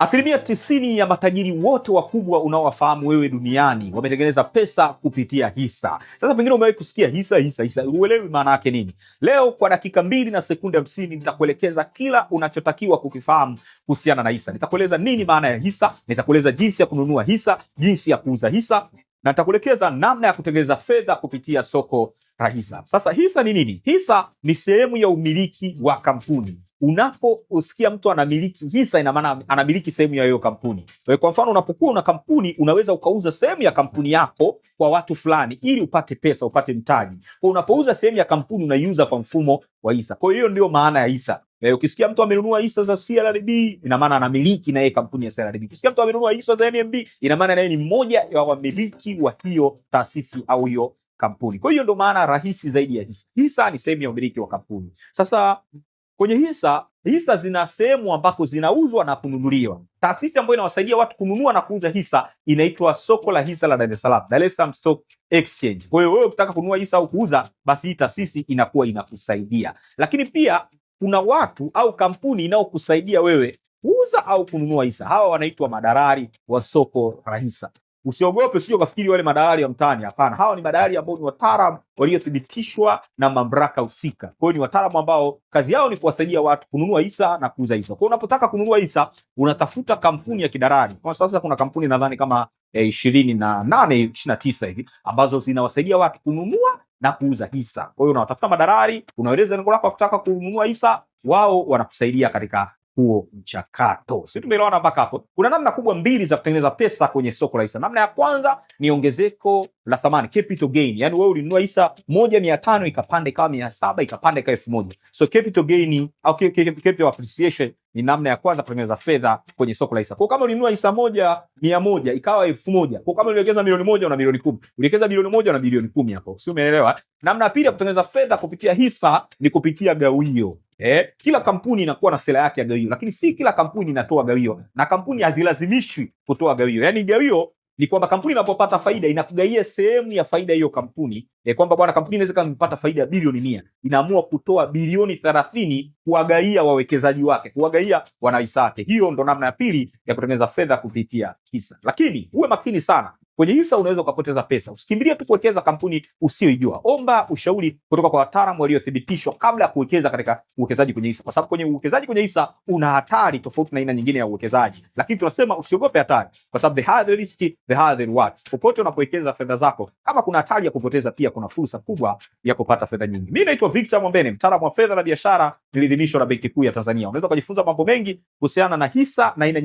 Asilimia tisini ya matajiri wote wakubwa unaowafahamu wewe duniani wametengeneza pesa kupitia hisa. Sasa pengine umewahi kusikia hisa, hisa, hisa, uelewi maana yake nini? Leo kwa dakika mbili na sekunde hamsini nitakuelekeza kila unachotakiwa kukifahamu kuhusiana na hisa. Nitakueleza nini maana ya hisa, nitakueleza jinsi ya kununua hisa, jinsi ya kuuza hisa, na nitakuelekeza namna ya kutengeneza fedha kupitia soko la hisa. Sasa hisa ni nini? Hisa ni sehemu ya umiliki wa kampuni unaposikia mtu anamiliki hisa, ina maana anamiliki sehemu ya hiyo kampuni. Kwa mfano, unapokuwa una kampuni, unaweza ukauza sehemu ya kampuni yako kwa watu fulani, ili upate pesa, upate mtaji. Kwa unapouza sehemu ya kampuni, unaiuza kwa mfumo wa hisa. Kwa hiyo ndio maana ya hisa. E, ukisikia mtu amenunua hisa za CRDB ina maana anamiliki na yeye kampuni ya CRDB. Ukisikia mtu amenunua hisa za NMB ina maana na yeye ni mmoja wa wamiliki wa hiyo taasisi au hiyo kampuni. Kwa hiyo ndio maana rahisi zaidi ya hisa. Hisa ni sehemu ya umiliki wa kampuni. Sasa Kwenye hisa, hisa zina sehemu ambako zinauzwa na kununuliwa. Taasisi ambayo inawasaidia watu kununua na kuuza hisa inaitwa soko la hisa la Dar es Salaam, Dar es Salaam Stock Exchange. Kwa hiyo wewe ukitaka kununua hisa au kuuza, basi hii taasisi inakuwa inakusaidia. Lakini pia kuna watu au kampuni inayokusaidia wewe kuuza au kununua hisa. Hawa wanaitwa madarari wa soko la hisa. Usiogope, usije ukafikiri wale madalali wa mtaani. Hapana, hawa ni madalali ambao ni wataalam waliothibitishwa na mamlaka husika. Kwa hiyo ni wataalamu ambao kazi yao ni kuwasaidia watu kununua hisa na kuuza hisa. Kwa hiyo unapotaka kununua hisa, unatafuta kampuni ya kidalali. Kwa sasa kuna kampuni nadhani kama eh, ishirini na nane ishirini na tisa hivi ambazo zinawasaidia watu kununua na kuuza hisa. Kwa hiyo unawatafuta madalali, unaeleza lengo lako kutaka kununua hisa, wao wanakusaidia katika huo mchakato. Si tumeelewana mpaka hapo? Kuna namna kubwa mbili za kutengeneza pesa kwenye soko la hisa. Namna ya kwanza ni ongezeko la thamani, capital gain. Yani wewe ulinunua hisa moja mia tano ikapanda ikawa mia saba ikapanda ikawa elfu moja So capital gain au capital appreciation ni namna ya kwanza kutengeneza fedha kwenye soko la hisa. Kwa kama ulinunua hisa moja mia moja ikawa elfu moja Kwa kama uliwekeza milioni moja una milioni kumi uliwekeza milioni moja una bilioni kumi hapo, si umeelewa? Namna pili ya kutengeneza fedha kupitia hisa ni kupitia gawio. Eh, kila kampuni inakuwa na sera yake ya gawio, lakini si kila kampuni inatoa gawio na kampuni hazilazimishwi kutoa gawio. Yaani gawio ni kwamba kampuni inapopata faida inakugawia sehemu ya faida hiyo kampuni eh, kwamba bwana, kampuni inaweza kama imepata faida bilioni mia inaamua kutoa bilioni thelathini kuagaia wawekezaji wake, kuwagaia wake Hiyo ndo namna ya pili ya kutengeneza fedha kupitia hisa, lakini uwe makini sana Kwenye hisa unaweza ukapoteza pesa. Usikimbilie tu kuwekeza kampuni usiyoijua. Omba ushauri kutoka kwa wataalamu waliothibitishwa kabla ya kuwekeza katika uwekezaji kwenye hisa, kwa sababu kwenye uwekezaji kwenye hisa una hatari tofauti na aina nyingine ya uwekezaji, lakini tunasema usiogope hatari, kwa sababu the higher the risk, the higher the rewards. Popote unapowekeza fedha zako, kama kuna hatari ya kupoteza, pia kuna fursa kubwa ya kupata fedha nyingi. Mimi naitwa Victor Mwambene, mtaalamu wa fedha na biashara, niliidhinishwa na Benki Kuu ya Tanzania. Unaweza kujifunza mambo mengi kuhusiana na hisa na aina